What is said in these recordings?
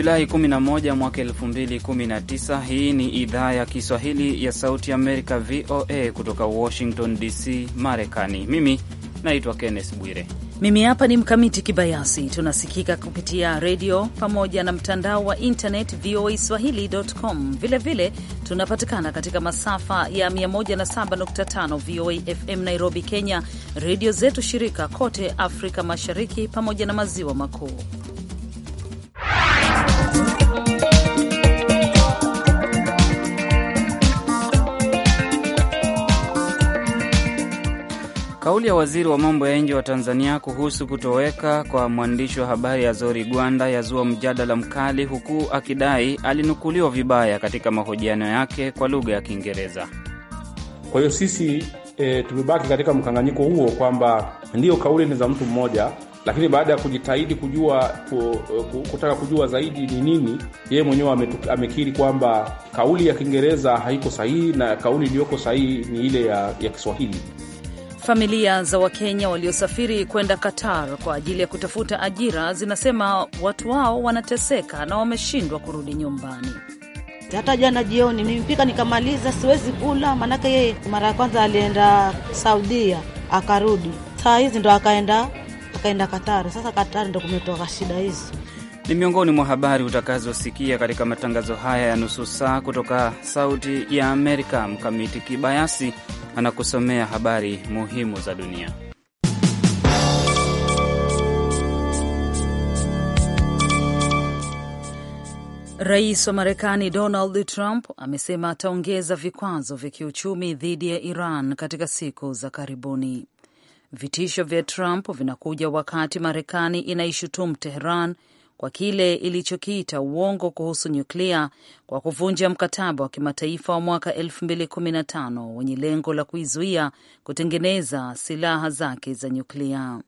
Julai 11 mwaka 2019. Hii ni idhaa ya Kiswahili ya Sauti Amerika, VOA, kutoka Washington DC, Marekani. Mimi naitwa Kenneth Bwire. Mimi hapa ni Mkamiti Kibayasi. Tunasikika kupitia redio pamoja na mtandao wa internet voa swahili.com. Vilevile tunapatikana katika masafa ya 107.5 VOA FM Nairobi, Kenya, redio zetu shirika kote Afrika Mashariki pamoja na Maziwa Makuu. Kauli ya waziri wa mambo ya nje wa Tanzania kuhusu kutoweka kwa mwandishi wa habari Azori Gwanda yazua mjadala mkali, huku akidai alinukuliwa vibaya katika mahojiano yake kwa lugha ya Kiingereza. Kwa hiyo sisi e, tumebaki katika mkanganyiko huo kwamba ndiyo kauli ni za mtu mmoja, lakini baada ya kujitahidi kujua ku, ku, kutaka kujua zaidi ni nini, yeye mwenyewe amekiri kwamba kauli ya Kiingereza haiko sahihi na kauli iliyoko sahihi ni ile ya, ya Kiswahili. Familia za Wakenya waliosafiri kwenda Qatar kwa ajili ya kutafuta ajira zinasema watu wao wanateseka na wameshindwa kurudi nyumbani. Hata jana jioni mimipika nikamaliza, siwezi kula, maanake yeye mara ya kwanza alienda Saudia akarudi, saa hizi ndo akaenda akaenda Katari. Sasa Katari ndo kumetoka shida hizi ni miongoni mwa habari utakazosikia katika matangazo haya ya nusu saa kutoka Sauti ya Amerika. Mkamiti Kibayasi anakusomea habari muhimu za dunia. Rais wa Marekani Donald Trump amesema ataongeza vikwazo vya kiuchumi dhidi ya Iran katika siku za karibuni. Vitisho vya Trump vinakuja wakati Marekani inaishutumu Teheran kwa kile ilichokiita uongo kuhusu nyuklia kwa kuvunja mkataba wa kimataifa wa mwaka 2015 wenye lengo la kuizuia kutengeneza silaha zake za nyuklia.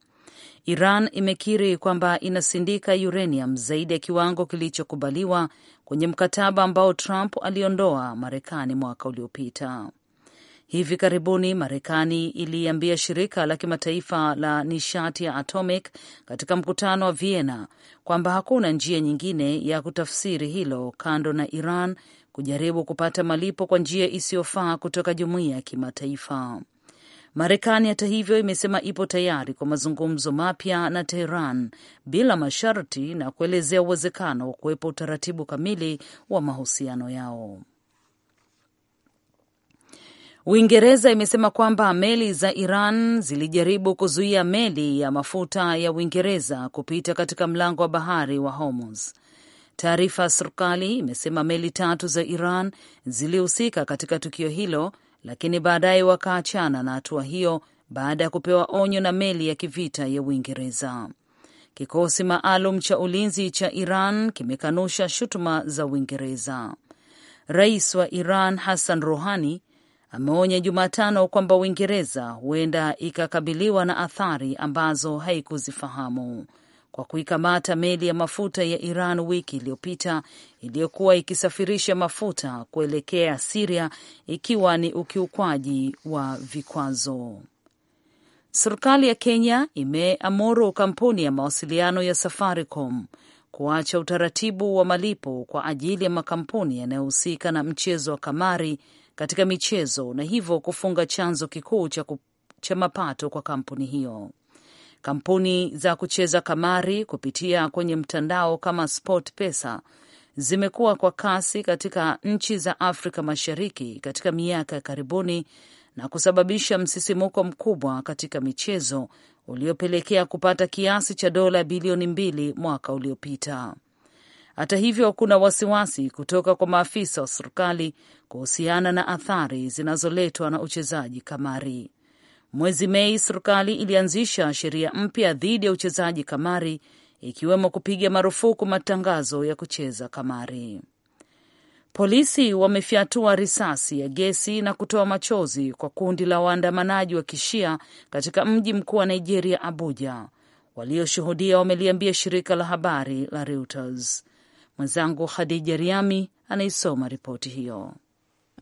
Iran imekiri kwamba inasindika uranium zaidi ya kiwango kilichokubaliwa kwenye mkataba ambao Trump aliondoa Marekani mwaka uliopita. Hivi karibuni Marekani iliambia shirika la kimataifa la nishati ya atomic katika mkutano wa Vienna kwamba hakuna njia nyingine ya kutafsiri hilo kando na Iran kujaribu kupata malipo kwa njia isiyofaa kutoka jumuiya ya kimataifa. Marekani hata hivyo imesema ipo tayari kwa mazungumzo mapya na Teheran bila masharti na kuelezea uwezekano wa kuwepo utaratibu kamili wa mahusiano yao. Uingereza imesema kwamba meli za Iran zilijaribu kuzuia meli ya mafuta ya Uingereza kupita katika mlango wa bahari wa Hormuz. Taarifa ya serikali imesema meli tatu za Iran zilihusika katika tukio hilo, lakini baadaye wakaachana na hatua hiyo baada ya kupewa onyo na meli ya kivita ya Uingereza. Kikosi maalum cha ulinzi cha Iran kimekanusha shutuma za Uingereza. Rais wa Iran Hassan Rouhani ameonya Jumatano kwamba Uingereza huenda ikakabiliwa na athari ambazo haikuzifahamu kwa kuikamata meli ya mafuta ya Iran wiki iliyopita iliyokuwa ikisafirisha mafuta kuelekea Siria ikiwa ni ukiukwaji wa vikwazo. Serikali ya Kenya imeamuru kampuni ya mawasiliano ya Safaricom kuacha utaratibu wa malipo kwa ajili ya makampuni yanayohusika na mchezo wa kamari katika michezo na hivyo kufunga chanzo kikuu cha, cha mapato kwa kampuni hiyo. Kampuni za kucheza kamari kupitia kwenye mtandao kama Pesa zimekuwa kwa kasi katika nchi za Afrika Mashariki katika miaka ya karibuni na kusababisha msisimuko mkubwa katika michezo uliopelekea kupata kiasi cha dola bilioni mbili mwaka uliopita. Hata hivyo, kuna wasiwasi kutoka kwa maafisa wa serikali kuhusiana na athari zinazoletwa na uchezaji kamari. Mwezi Mei, serikali ilianzisha sheria mpya dhidi ya uchezaji kamari, ikiwemo kupiga marufuku matangazo ya kucheza kamari. Polisi wamefyatua risasi ya gesi na kutoa machozi kwa kundi la waandamanaji wa kishia katika mji mkuu wa Nigeria, Abuja. Walioshuhudia wameliambia shirika la habari la Reuters Mwenzangu Khadija Riami anaisoma ripoti hiyo.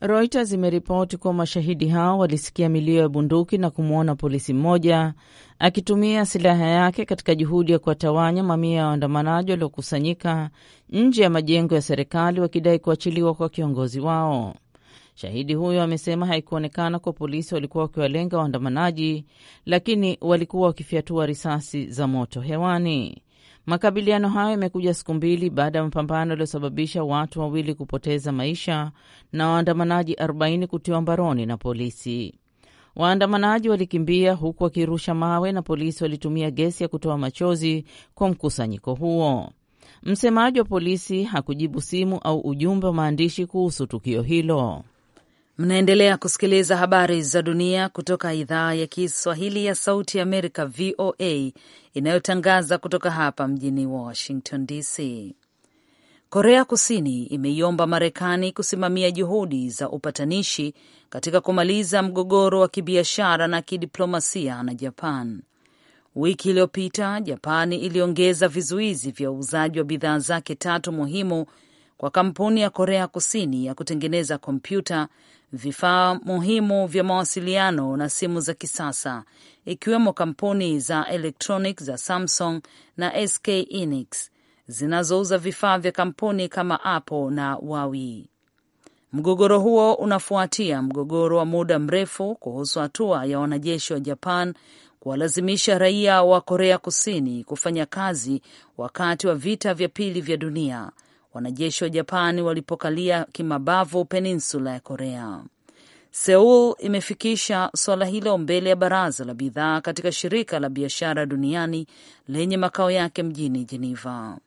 Reuters imeripoti kuwa mashahidi hao walisikia milio ya bunduki na kumwona polisi mmoja akitumia silaha yake katika juhudi ya kuwatawanya mamia ya waandamanaji waliokusanyika nje ya majengo ya serikali wakidai kuachiliwa kwa kiongozi wao. Shahidi huyo amesema haikuonekana kwa polisi walikuwa wakiwalenga waandamanaji, lakini walikuwa wakifyatua risasi za moto hewani. Makabiliano hayo yamekuja siku mbili baada ya mapambano yaliyosababisha watu wawili kupoteza maisha na waandamanaji 40 kutiwa mbaroni na polisi. Waandamanaji walikimbia huku wakirusha mawe na polisi walitumia gesi ya kutoa machozi kwa mkusanyiko huo. Msemaji wa polisi hakujibu simu au ujumbe wa maandishi kuhusu tukio hilo. Mnaendelea kusikiliza habari za dunia kutoka idhaa ya Kiswahili ya Sauti ya Amerika, VOA, inayotangaza kutoka hapa mjini Washington DC. Korea Kusini imeiomba Marekani kusimamia juhudi za upatanishi katika kumaliza mgogoro wa kibiashara na kidiplomasia na Japan. Wiki iliyopita Japani iliongeza vizuizi vya uuzaji wa bidhaa zake tatu muhimu kwa kampuni ya Korea Kusini ya kutengeneza kompyuta vifaa muhimu vya mawasiliano na simu za kisasa, ikiwemo kampuni za electronic za Samsung na SK Enix zinazouza vifaa vya kampuni kama Apple na Huawei. Mgogoro huo unafuatia mgogoro wa muda mrefu kuhusu hatua ya wanajeshi wa Japan kuwalazimisha raia wa Korea Kusini kufanya kazi wakati wa vita vya pili vya dunia wanajeshi wa Japani walipokalia kimabavu peninsula ya Korea. Seul imefikisha suala hilo mbele ya baraza la bidhaa katika shirika la biashara duniani lenye makao yake mjini Geneva.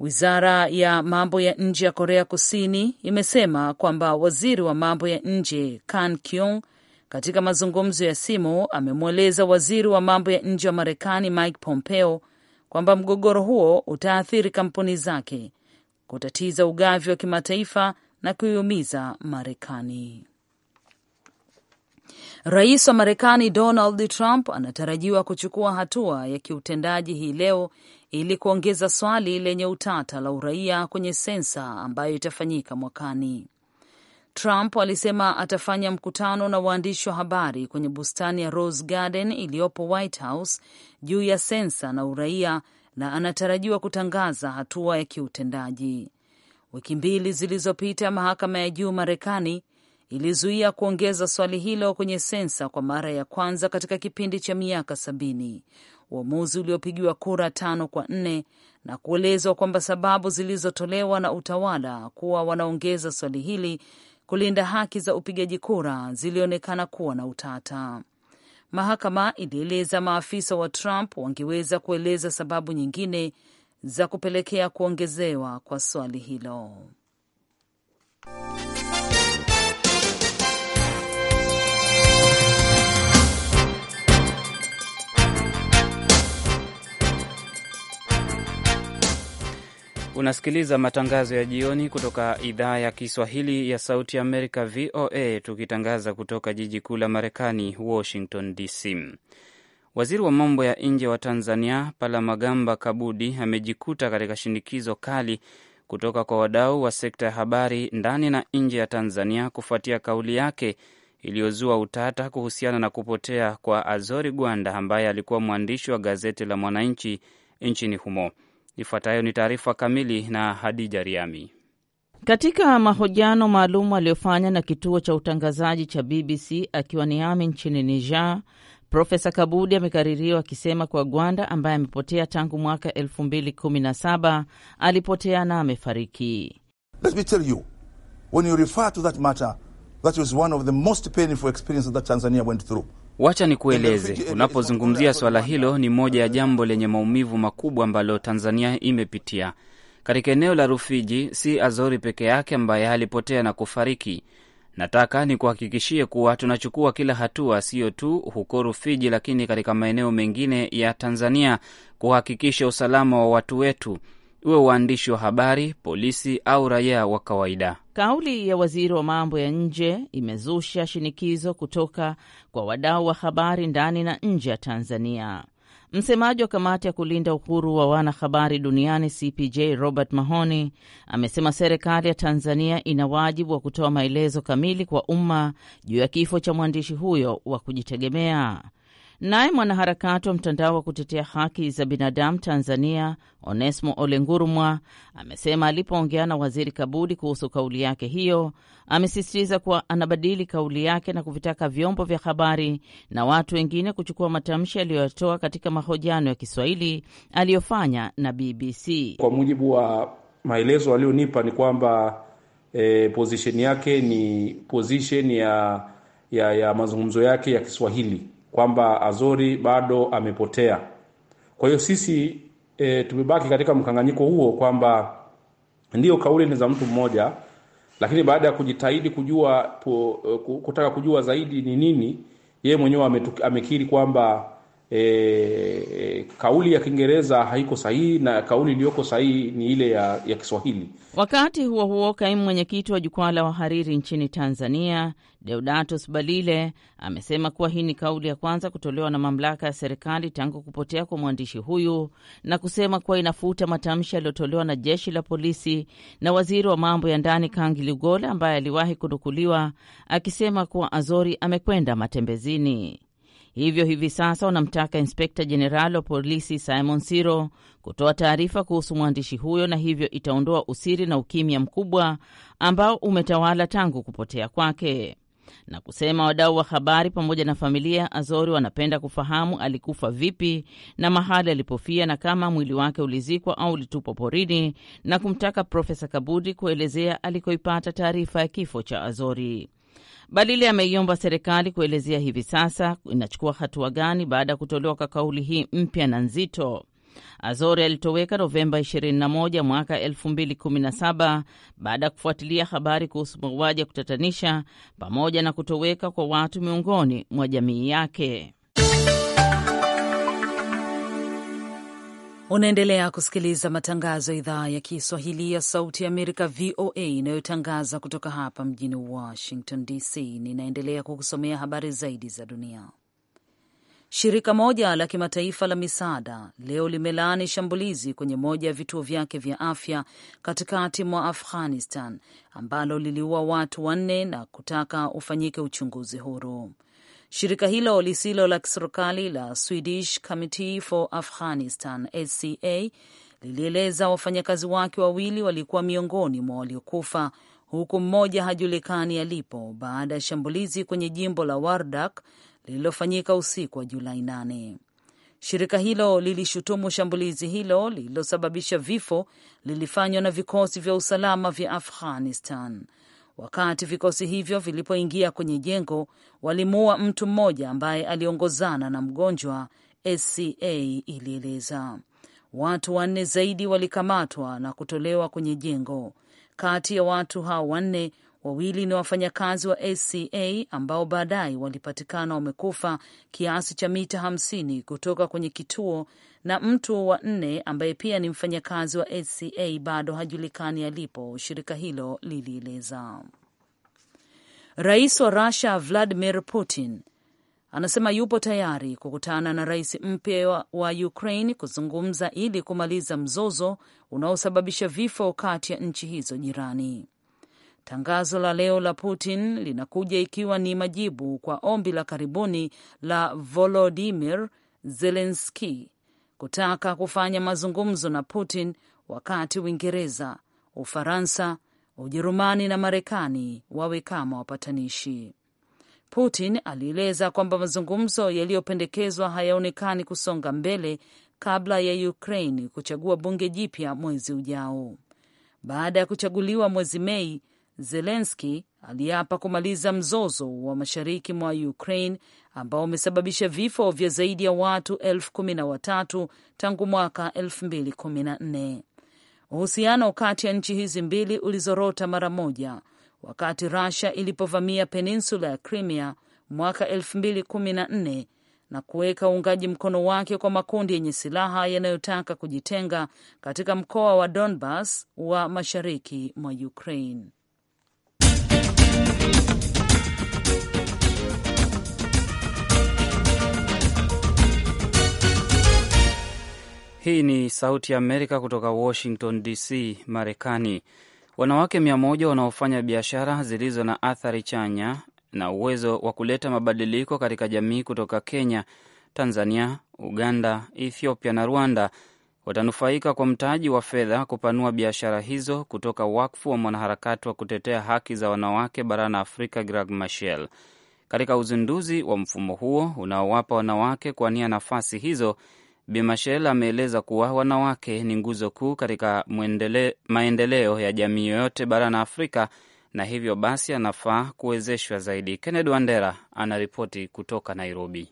Wizara ya mambo ya nje ya Korea Kusini imesema kwamba waziri wa mambo ya nje Kan Kyung katika mazungumzo ya simu amemweleza waziri wa mambo ya nje wa Marekani Mike Pompeo kwamba mgogoro huo utaathiri kampuni zake, kutatiza ugavi wa kimataifa na kuiumiza Marekani. Rais wa Marekani Donald Trump anatarajiwa kuchukua hatua ya kiutendaji hii leo ili kuongeza swali lenye utata la uraia kwenye sensa ambayo itafanyika mwakani. Trump alisema atafanya mkutano na waandishi wa habari kwenye bustani ya Rose Garden iliyopo White House juu ya sensa na uraia na anatarajiwa kutangaza hatua ya kiutendaji. Wiki mbili zilizopita, mahakama ya juu Marekani ilizuia kuongeza swali hilo kwenye sensa kwa mara ya kwanza katika kipindi cha miaka sabini, uamuzi uliopigiwa kura tano kwa nne na kuelezwa kwamba sababu zilizotolewa na utawala kuwa wanaongeza swali hili kulinda haki za upigaji kura zilionekana kuwa na utata. Mahakama ilieleza maafisa wa Trump wangeweza kueleza sababu nyingine za kupelekea kuongezewa kwa swali hilo. Unasikiliza matangazo ya jioni kutoka idhaa ya Kiswahili ya Sauti ya Amerika, VOA, tukitangaza kutoka jiji kuu la Marekani, Washington DC. Waziri wa mambo ya nje wa Tanzania, Palamagamba Kabudi, amejikuta katika shinikizo kali kutoka kwa wadau wa sekta ya habari ndani na nje ya Tanzania kufuatia kauli yake iliyozua utata kuhusiana na kupotea kwa Azori Gwanda ambaye alikuwa mwandishi wa gazeti la Mwananchi nchini humo. Ifuatayo ni taarifa kamili na Hadija Riami. Katika mahojiano maalum aliyofanya na kituo cha utangazaji cha BBC akiwa ami nchini Niger, Profesa Kabudi amekaririwa akisema kwa Gwanda ambaye amepotea tangu mwaka 2017 alipotea na amefariki. Let me tell you, when you refer to that matter, that was one of the most painful experiences that Tanzania went through. Wacha nikueleze, unapozungumzia swala hilo, ni moja ya jambo lenye maumivu makubwa ambalo Tanzania imepitia katika eneo la Rufiji. Si Azori peke yake ambaye alipotea na kufariki. Nataka nikuhakikishie kuwa tunachukua kila hatua, siyo tu huko Rufiji, lakini katika maeneo mengine ya Tanzania kuhakikisha usalama wa watu wetu iwe waandishi wa habari, polisi au raia wa kawaida. Kauli ya waziri wa mambo ya nje imezusha shinikizo kutoka kwa wadau wa habari ndani na nje ya Tanzania. Msemaji wa kamati ya kulinda uhuru wa wanahabari duniani CPJ Robert Mahoni amesema serikali ya Tanzania ina wajibu wa kutoa maelezo kamili kwa umma juu ya kifo cha mwandishi huyo wa kujitegemea. Naye mwanaharakati wa mtandao wa kutetea haki za binadamu Tanzania, Onesmo Olengurumwa, amesema alipoongea na waziri Kabudi kuhusu kauli yake hiyo, amesisitiza kuwa anabadili kauli yake na kuvitaka vyombo vya habari na watu wengine kuchukua matamshi aliyoyatoa katika mahojiano ya Kiswahili aliyofanya na BBC. Kwa mujibu wa maelezo aliyonipa ni kwamba eh, position yake ni position ya, ya, ya mazungumzo yake ya Kiswahili kwamba Azori bado amepotea. Kwa hiyo sisi e, tumebaki katika mkanganyiko huo kwamba ndio kauli ni za mtu mmoja, lakini baada ya kujitahidi kujua po, e, kutaka kujua zaidi ni nini, yeye mwenyewe amekiri kwamba E, e, kauli ya Kiingereza haiko sahihi na kauli iliyoko sahihi ni ile ya, ya Kiswahili. Wakati huo huo, kaimu mwenyekiti wa jukwaa la wahariri nchini Tanzania Deodatus Balile amesema kuwa hii ni kauli ya kwanza kutolewa na mamlaka ya serikali tangu kupotea kwa mwandishi huyu na kusema kuwa inafuta matamshi yaliyotolewa na jeshi la polisi na waziri wa mambo ya ndani Kangi Lugola ambaye aliwahi kunukuliwa akisema kuwa Azori amekwenda matembezini. Hivyo hivi sasa wanamtaka inspekta jenerali wa polisi Simon Siro kutoa taarifa kuhusu mwandishi huyo, na hivyo itaondoa usiri na ukimya mkubwa ambao umetawala tangu kupotea kwake, na kusema wadau wa habari pamoja na familia ya Azori wanapenda kufahamu alikufa vipi na mahali alipofia na kama mwili wake ulizikwa au ulitupwa porini, na kumtaka Profesa Kabudi kuelezea alikoipata taarifa ya kifo cha Azori. Badili ameiomba serikali kuelezea hivi sasa inachukua hatua gani baada ya kutolewa kwa kauli hii mpya na nzito. Azori alitoweka Novemba 21 mwaka 2017 baada ya kufuatilia habari kuhusu mauaji ya kutatanisha pamoja na kutoweka kwa watu miongoni mwa jamii yake. Unaendelea kusikiliza matangazo ya idhaa ya Kiswahili ya Sauti ya Amerika, VOA, inayotangaza kutoka hapa mjini Washington DC. Ninaendelea kukusomea habari zaidi za dunia. Shirika moja la kimataifa la misaada leo limelaani shambulizi kwenye moja ya vituo vyake vya afya katikati mwa Afghanistan ambalo liliua watu wanne na kutaka ufanyike uchunguzi huru. Shirika hilo lisilo la kiserikali la Swedish Committee for Afghanistan SCA lilieleza wafanyakazi wake wawili walikuwa miongoni mwa waliokufa huku mmoja hajulikani alipo baada ya shambulizi kwenye jimbo la Wardak lililofanyika usiku wa Julai 8. Shirika hilo lilishutumu shambulizi hilo lililosababisha vifo lilifanywa na vikosi vya usalama vya Afghanistan. Wakati vikosi hivyo vilipoingia kwenye jengo, walimuua mtu mmoja ambaye aliongozana na mgonjwa, SCA ilieleza. Watu wanne zaidi walikamatwa na kutolewa kwenye jengo. Kati ya watu hao wanne, wawili ni wafanyakazi wa SCA ambao baadaye walipatikana wamekufa kiasi cha mita hamsini kutoka kwenye kituo na mtu wa nne ambaye pia ni mfanyakazi wa HCA bado hajulikani alipo, shirika hilo lilieleza. Rais wa rusia Vladimir Putin anasema yupo tayari kukutana na rais mpya wa Ukraine kuzungumza ili kumaliza mzozo unaosababisha vifo kati ya nchi hizo jirani. Tangazo la leo la Putin linakuja ikiwa ni majibu kwa ombi la karibuni la Volodimir Zelenski kutaka kufanya mazungumzo na Putin wakati Uingereza, Ufaransa, Ujerumani na Marekani wawe kama wapatanishi. Putin alieleza kwamba mazungumzo yaliyopendekezwa hayaonekani kusonga mbele kabla ya Ukraine kuchagua bunge jipya mwezi ujao. Baada ya kuchaguliwa mwezi Mei, Zelenski aliapa kumaliza mzozo wa mashariki mwa Ukraine ambao umesababisha vifo vya zaidi ya watu elfu kumi na watatu tangu mwaka elfu mbili kumi na nne. Uhusiano kati ya nchi hizi mbili ulizorota mara moja wakati Russia ilipovamia peninsula ya Crimea mwaka elfu mbili kumi na nne na kuweka uungaji mkono wake kwa makundi yenye silaha yanayotaka kujitenga katika mkoa wa Donbas wa mashariki mwa Ukraine. Hii ni Sauti ya Amerika kutoka Washington DC, Marekani. Wanawake mia moja wanaofanya biashara zilizo na athari chanya na uwezo wa kuleta mabadiliko katika jamii kutoka Kenya, Tanzania, Uganda, Ethiopia na Rwanda watanufaika kwa mtaji wa fedha kupanua biashara hizo kutoka wakfu wa mwanaharakati wa kutetea haki za wanawake barani Afrika, Grag Machel. Katika uzinduzi wa mfumo huo unaowapa wanawake kuwania nafasi hizo bimashel ameeleza kuwa wanawake ni nguzo kuu katika maendeleo ya jamii yoyote barani Afrika na hivyo basi anafaa kuwezeshwa zaidi. Kennedy Wandera anaripoti kutoka Nairobi.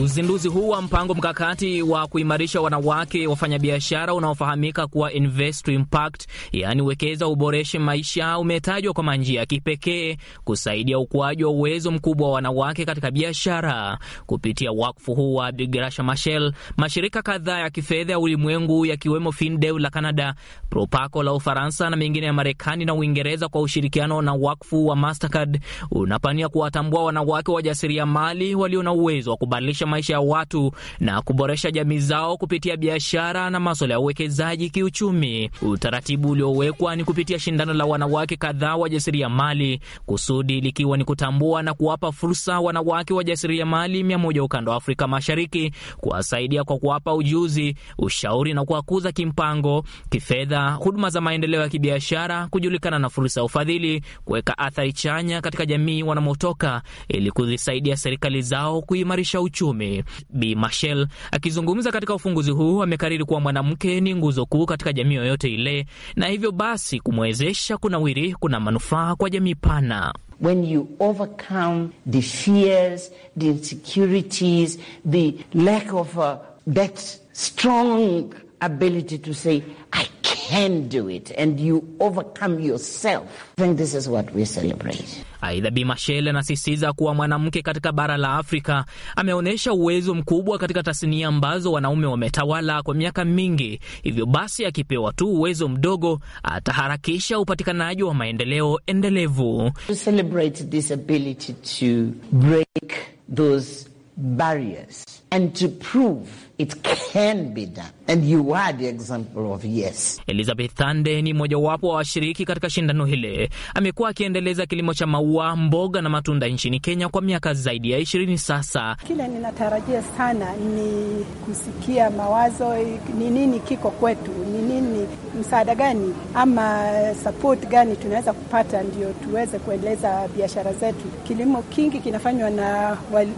Uzinduzi huu wa mpango mkakati wa kuimarisha wanawake wafanyabiashara unaofahamika kuwa Invest to Impact, yaani wekeza uboreshe maisha, umetajwa kama njia ya kipekee kusaidia ukuaji wa uwezo mkubwa wa wanawake katika biashara. Kupitia wakfu huu wa Bigrasha Machel, mashirika kadhaa ya kifedha ya ulimwengu yakiwemo FinDev la Canada, Propaco la Ufaransa na mengine ya Marekani na Uingereza kwa ushirikiano na wakfu wa Mastercard unapania kuwatambua wanawake wajasiriamali walio na uwezo wa kubadilisha kuboresha maisha ya watu na kuboresha jamii zao kupitia biashara na masuala ya uwekezaji kiuchumi. Utaratibu uliowekwa ni kupitia shindano la wanawake kadhaa wajasiriamali, kusudi likiwa ni kutambua na kuwapa fursa wanawake wajasiriamali mia moja ukanda wa Afrika Mashariki, kuwasaidia kwa kuwapa ujuzi, ushauri na kuwakuza kimpango, kifedha, huduma za maendeleo ya kibiashara, kujulikana na fursa ya ufadhili, kuweka athari chanya katika jamii wanamotoka, ili kuzisaidia serikali zao kuimarisha uchumi kiume. Bi Machel akizungumza katika ufunguzi huu amekariri kuwa mwanamke ni nguzo kuu katika jamii yoyote ile, na hivyo basi kumwezesha kunawiri kuna manufaa kwa jamii pana. When you overcome the fears, the insecurities, the lack of a, that strong ability to say, I can do it and you overcome yourself. I think this is what we celebrate. Aidha, Bi Machel anasisitiza kuwa mwanamke katika bara la Afrika ameonyesha uwezo mkubwa katika tasnia ambazo wanaume wametawala kwa miaka mingi. Hivyo basi, akipewa tu uwezo mdogo ataharakisha upatikanaji wa maendeleo endelevu. To celebrate this ability to break those barriers and to prove It can be done. And you are the example of yes. Elizabeth Thande ni mmojawapo wa washiriki katika shindano hili. Amekuwa akiendeleza kilimo cha maua, mboga na matunda nchini Kenya kwa miaka zaidi ya ishirini sasa. Kile ninatarajia sana ni kusikia mawazo, ni nini kiko kwetu, ni nini, msaada gani ama support gani tunaweza kupata, ndio tuweze kuendeleza biashara zetu. Kilimo kingi kinafanywa na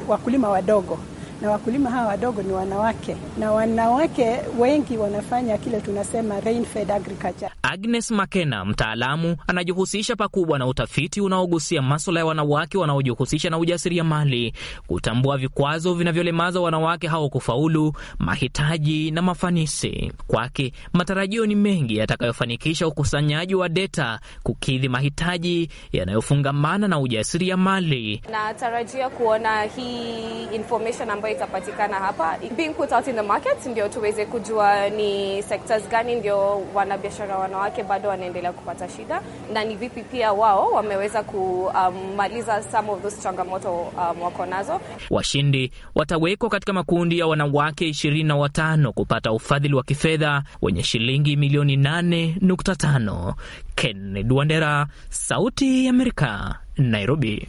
wakulima wadogo na wakulima hawa wadogo ni wanawake, na wanawake wengi wanafanya kile tunasema rain fed agriculture. Agnes Makena, mtaalamu anajihusisha pakubwa na utafiti unaogusia maswala ya wanawake wanaojihusisha na ujasiriamali, kutambua vikwazo vinavyolemaza wanawake hao kufaulu, mahitaji na mafanisi. Kwake matarajio ni mengi yatakayofanikisha ukusanyaji wa deta kukidhi mahitaji yanayofungamana na ujasiriamali. Natarajia kuona hii information ambayo itapatikana hapa being put out in the market, ndio tuweze kujua ni sectors gani ndio wanabiashara wanawake bado wanaendelea kupata shida na ni vipi pia wao wameweza kumaliza some of those changamoto um, wako nazo. Washindi watawekwa katika makundi ya wanawake ishirini na watano kupata ufadhili wa kifedha wenye shilingi milioni 8.5. Kennedy Wandera, Sauti ya Amerika, Nairobi.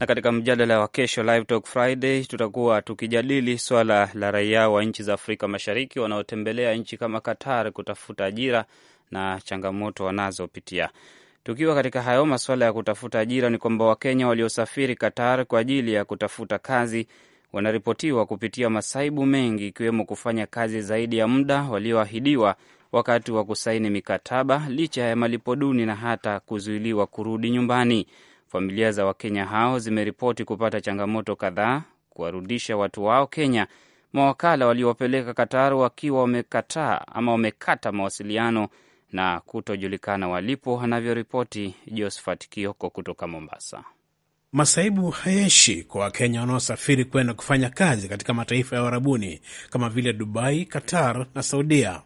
Na katika mjadala wa kesho Live Talk Friday tutakuwa tukijadili swala la raia wa nchi za Afrika Mashariki wanaotembelea nchi kama Qatar kutafuta ajira na changamoto wanazopitia. Tukiwa katika hayo masuala ya kutafuta ajira, ni kwamba Wakenya waliosafiri Qatar kwa ajili ya kutafuta kazi wanaripotiwa kupitia masaibu mengi, ikiwemo kufanya kazi zaidi ya muda walioahidiwa wakati wa kusaini mikataba, licha ya malipo duni na hata kuzuiliwa kurudi nyumbani. Familia za Wakenya hao zimeripoti kupata changamoto kadhaa kuwarudisha watu wao Kenya, mawakala waliowapeleka katar wakiwa wamekataa ama wamekata mawasiliano na kutojulikana walipo, anavyoripoti Josephat Kioko kutoka Mombasa. Masaibu hayaishi kwa Wakenya wanaosafiri kwenda kufanya kazi katika mataifa ya Uarabuni kama vile Dubai, Qatar na Saudia.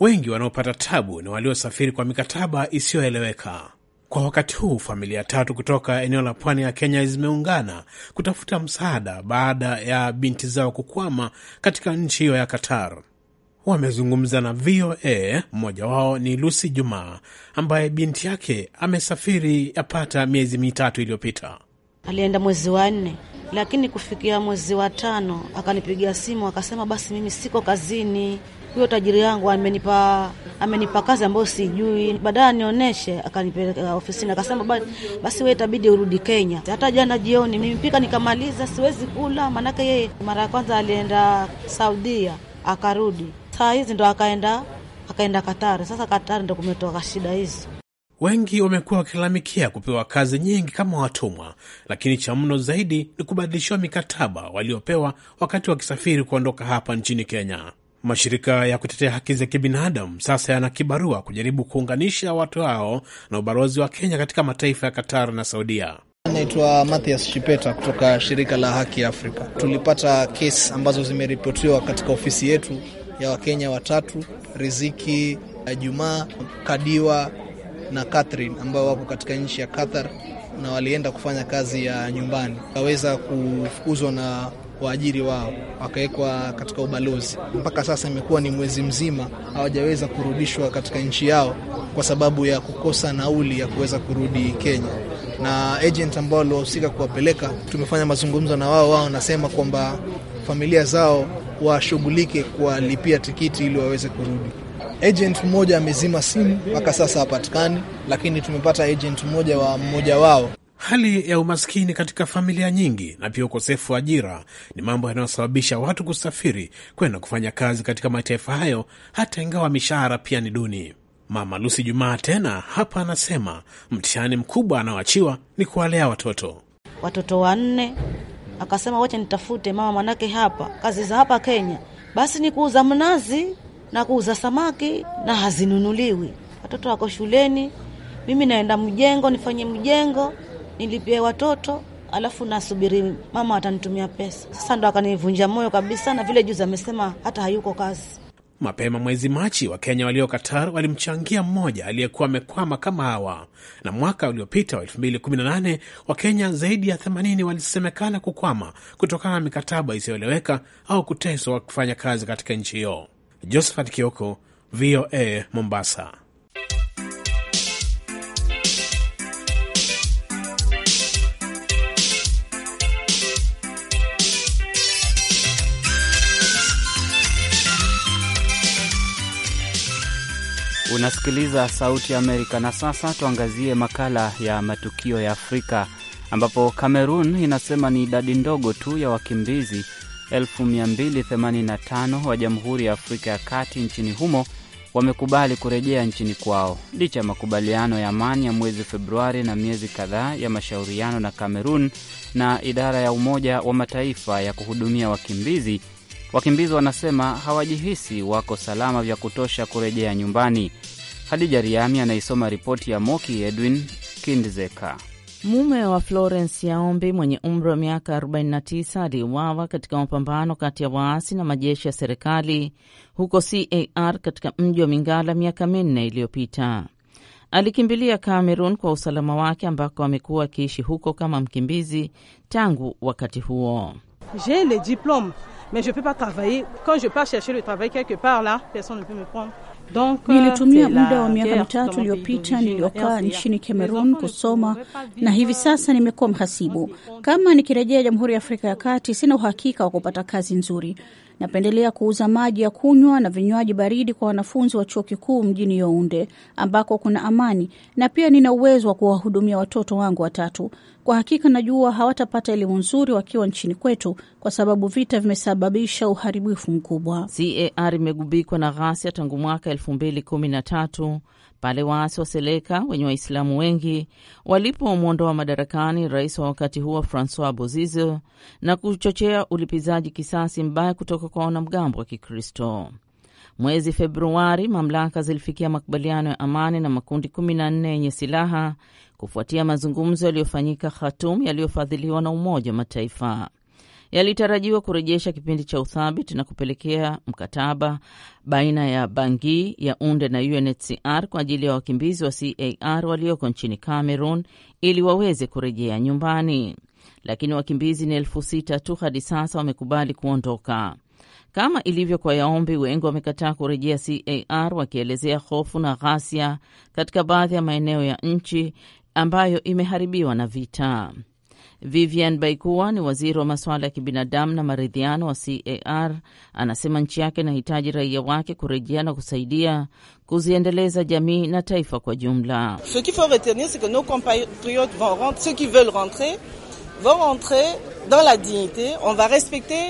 Wengi wanaopata tabu ni waliosafiri kwa mikataba isiyoeleweka. Kwa wakati huu familia tatu kutoka eneo la pwani ya Kenya zimeungana kutafuta msaada baada ya binti zao kukwama katika nchi hiyo ya Qatar. Wamezungumza na VOA. Mmoja wao ni Lucy Jumaa ambaye binti yake amesafiri yapata miezi mitatu iliyopita. Alienda mwezi wa nne, lakini kufikia mwezi wa tano akanipigia simu akasema, basi mimi siko kazini, huyo tajiri yangu amenipa amenipa kazi ambayo sijui, baadaye anionyeshe, akanipeleka ofisini, akasema basi wewe itabidi urudi Kenya. Hata jana jioni pika nikamaliza, siwezi kula, maanake yeye mara ya kwanza alienda Saudia akarudi, saa hizi ndo akaenda akaenda Katari. Sasa Katari ndo kumetoka shida hizi. Wengi wamekuwa wakilalamikia kupewa kazi nyingi kama watumwa, lakini cha mno zaidi ni kubadilishiwa mikataba waliopewa wakati wakisafiri kuondoka hapa nchini Kenya. Mashirika ya kutetea haki za kibinadamu sasa yana kibarua kujaribu kuunganisha watu hao na ubalozi wa Kenya katika mataifa ya Qatar na Saudia. Naitwa Mathias Chipeta kutoka shirika la Haki Afrika. Tulipata kesi ambazo zimeripotiwa katika ofisi yetu ya Wakenya watatu, Riziki Jumaa, Kadiwa na Catherine ambao wako katika nchi ya Qatar na walienda kufanya kazi ya nyumbani, waweza kufukuzwa na waajiri wao, wakawekwa katika ubalozi. Mpaka sasa imekuwa ni mwezi mzima hawajaweza kurudishwa katika nchi yao kwa sababu ya kukosa nauli ya kuweza kurudi Kenya. Na agent ambao waliwahusika kuwapeleka, tumefanya mazungumzo na wao, wao wanasema kwamba familia zao washughulike kuwalipia tikiti ili waweze kurudi. Agent mmoja amezima simu mpaka sasa hapatikani, lakini tumepata agent mmoja wa mmoja wao Hali ya umaskini katika familia nyingi na pia ukosefu wa ajira ni mambo yanayosababisha watu kusafiri kwenda kufanya kazi katika mataifa hayo, hata ingawa mishahara pia ni duni. Mama lusi Jumaa tena hapa anasema mtihani mkubwa anaoachiwa ni kuwalea watoto, watoto wanne. Akasema wacha nitafute mama, manake hapa kazi za hapa Kenya basi ni kuuza mnazi na kuuza samaki na hazinunuliwi. Watoto wako shuleni, mimi naenda mjengo nifanye mjengo nilipie watoto alafu nasubiri mama atanitumia pesa. Sasa ndo akanivunja moyo kabisa, na vile juzi amesema hata hayuko kazi. Mapema mwezi Machi, Wakenya walio katar walimchangia mmoja aliyekuwa amekwama kama hawa, na mwaka uliopita wa 2018 Wakenya zaidi ya 80 walisemekana kukwama kutokana na mikataba isiyoeleweka au kuteswa kufanya kazi katika nchi hiyo. Josephat Kioko, VOA, Mombasa. Unasikiliza Sauti ya Amerika. Na sasa tuangazie makala ya matukio ya Afrika, ambapo Kamerun inasema ni idadi ndogo tu ya wakimbizi 285 wa Jamhuri ya Afrika ya Kati nchini humo wamekubali kurejea nchini kwao licha ya makubaliano ya amani ya mwezi Februari na miezi kadhaa ya mashauriano na Kamerun na idara ya Umoja wa Mataifa ya kuhudumia wakimbizi Wakimbizi wanasema hawajihisi wako salama vya kutosha kurejea nyumbani. Hadija Riami anaisoma ripoti ya Moki Edwin Kindzeka. Mume wa Florence Yaombi mwenye umri wa miaka 49 aliuawa katika mapambano kati ya waasi na majeshi ya serikali huko CAR katika mji wa Mingala miaka minne iliyopita. Alikimbilia Cameroon kwa usalama wake ambako amekuwa akiishi huko kama mkimbizi tangu wakati huo. le diplome mais je ne peux pas travailler. Quand je pars chercher le travail quelque part là, personne ne peut me prendre. Donc, euh, nilitumia muda wa miaka mitatu iliyopita niliokaa nchini Cameroon kusoma na hivi sasa nimekuwa mhasibu. Kama nikirejea Jamhuri ya Afrika ya Kati, sina uhakika wa kupata kazi nzuri. Napendelea kuuza maji ya kunywa na vinywaji baridi kwa wanafunzi wa chuo kikuu mjini younde ambako kuna amani, na pia nina uwezo wa kuwahudumia watoto wangu watatu. Kwa hakika najua hawatapata elimu nzuri wakiwa nchini kwetu, kwa sababu vita vimesababisha uharibifu mkubwa. CAR imegubikwa na ghasia tangu mwaka elfu mbili kumi na tatu pale waasi wa Seleka wenye Waislamu wengi walipomwondoa madarakani rais wa wakati huo Francois Bozize na kuchochea ulipizaji kisasi mbaya kutoka kwa wanamgambo wa Kikristo. Mwezi Februari, mamlaka zilifikia makubaliano ya amani na makundi 14 yenye silaha kufuatia mazungumzo yaliyofanyika Khatum yaliyofadhiliwa na Umoja wa Mataifa yalitarajiwa kurejesha kipindi cha uthabiti na kupelekea mkataba baina ya Bangi ya UNDE na UNHCR kwa ajili ya wakimbizi wa CAR walioko nchini Cameroon ili waweze kurejea nyumbani, lakini wakimbizi ni elfu sita tu hadi sasa wamekubali kuondoka. Kama ilivyo kwa yaombi, wengi wamekataa kurejea CAR wakielezea hofu na ghasia katika baadhi ya maeneo ya nchi ambayo imeharibiwa na vita. Vivian baikua ni waziri wa masuala ya kibinadamu na maridhiano wa CAR anasema nchi yake inahitaji raia wake kurejea na kusaidia kuziendeleza jamii na taifa kwa jumla.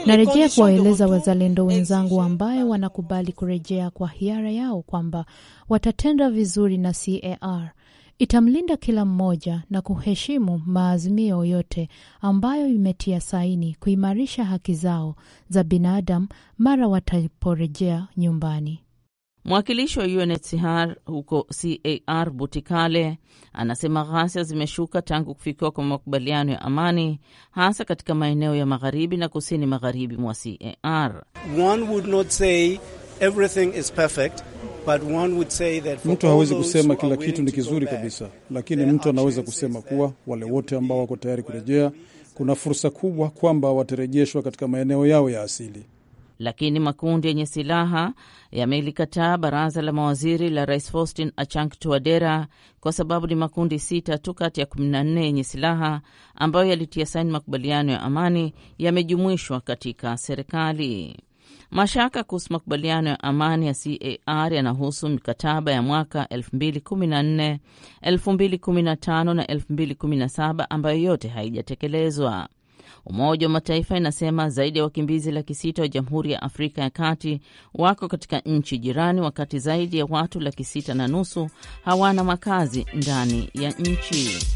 Narejea kuwaeleza wazalendo wenzangu ambayo wanakubali kurejea kwa hiara yao kwamba watatenda vizuri na CAR itamlinda kila mmoja na kuheshimu maazimio yote ambayo imetia saini kuimarisha haki zao za binadamu mara wataporejea nyumbani. Mwakilishi wa UNHCR huko CAR Butikale anasema ghasia zimeshuka tangu kufikiwa kwa makubaliano ya amani hasa katika maeneo ya magharibi na kusini magharibi mwa CAR. One would not say everything is perfect Mtu hawezi kusema kila kitu ni kizuri kabisa, lakini mtu anaweza kusema kuwa wale wote ambao wako tayari kurejea, kuna fursa kubwa kwamba watarejeshwa katika maeneo yao ya asili. Lakini makundi yenye silaha yamelikataa baraza la mawaziri la Rais Faustin Achang Tuadera kwa sababu ni makundi sita tu kati ya 14 yenye silaha ambayo yalitia saini makubaliano ya amani yamejumuishwa katika serikali. Mashaka kuhusu makubaliano ya amani ya CAR yanahusu mikataba ya mwaka 2014, 2015 na 2017 ambayo yote haijatekelezwa. Umoja wa Mataifa inasema zaidi ya wakimbizi laki sita wa Jamhuri ya Afrika ya Kati wako katika nchi jirani, wakati zaidi ya watu laki sita na nusu hawana makazi ndani ya nchi.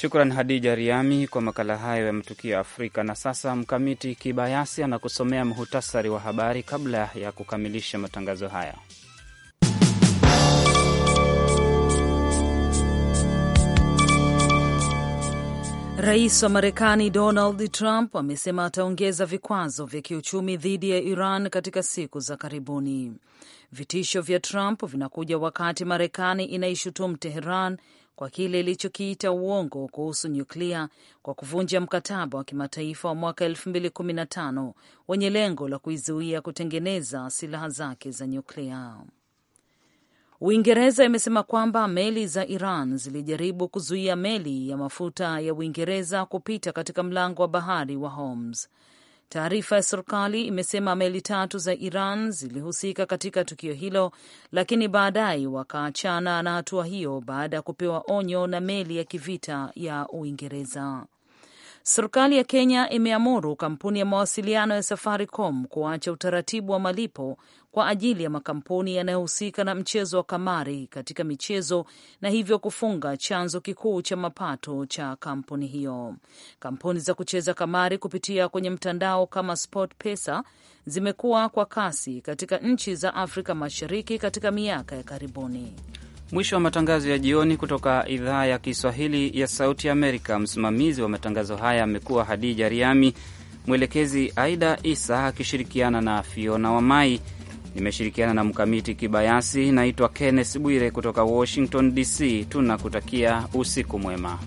Shukran Hadija Riami kwa makala hayo ya matukio ya Afrika. Na sasa Mkamiti Kibayasi anakusomea muhutasari wa habari kabla ya kukamilisha matangazo haya. Rais wa Marekani Donald Trump amesema ataongeza vikwazo vya kiuchumi dhidi ya Iran katika siku za karibuni. Vitisho vya Trump vinakuja wakati Marekani inaishutumu Teheran kwa kile ilichokiita uongo kuhusu nyuklia kwa kuvunja mkataba wa kimataifa wa mwaka 2015 wenye lengo la kuizuia kutengeneza silaha zake za nyuklia. Uingereza imesema kwamba meli za Iran zilijaribu kuzuia meli ya mafuta ya Uingereza kupita katika mlango wa bahari wa Hormuz. Taarifa ya serikali imesema meli tatu za Iran zilihusika katika tukio hilo, lakini baadaye wakaachana na hatua hiyo baada ya kupewa onyo na meli ya kivita ya Uingereza. Serikali ya Kenya imeamuru kampuni ya mawasiliano ya Safaricom kuacha utaratibu wa malipo kwa ajili ya makampuni yanayohusika na mchezo wa kamari katika michezo na hivyo kufunga chanzo kikuu cha mapato cha kampuni hiyo. Kampuni za kucheza kamari kupitia kwenye mtandao kama SportPesa zimekuwa kwa kasi katika nchi za Afrika Mashariki katika miaka ya karibuni. Mwisho wa matangazo ya jioni kutoka idhaa ya Kiswahili ya Sauti Amerika. Msimamizi wa matangazo haya amekuwa Hadija Riami, mwelekezi Aida Isa akishirikiana na Fiona Wamai. Nimeshirikiana na Mkamiti Kibayasi. Naitwa Kenneth Bwire kutoka Washington DC. Tunakutakia usiku mwema.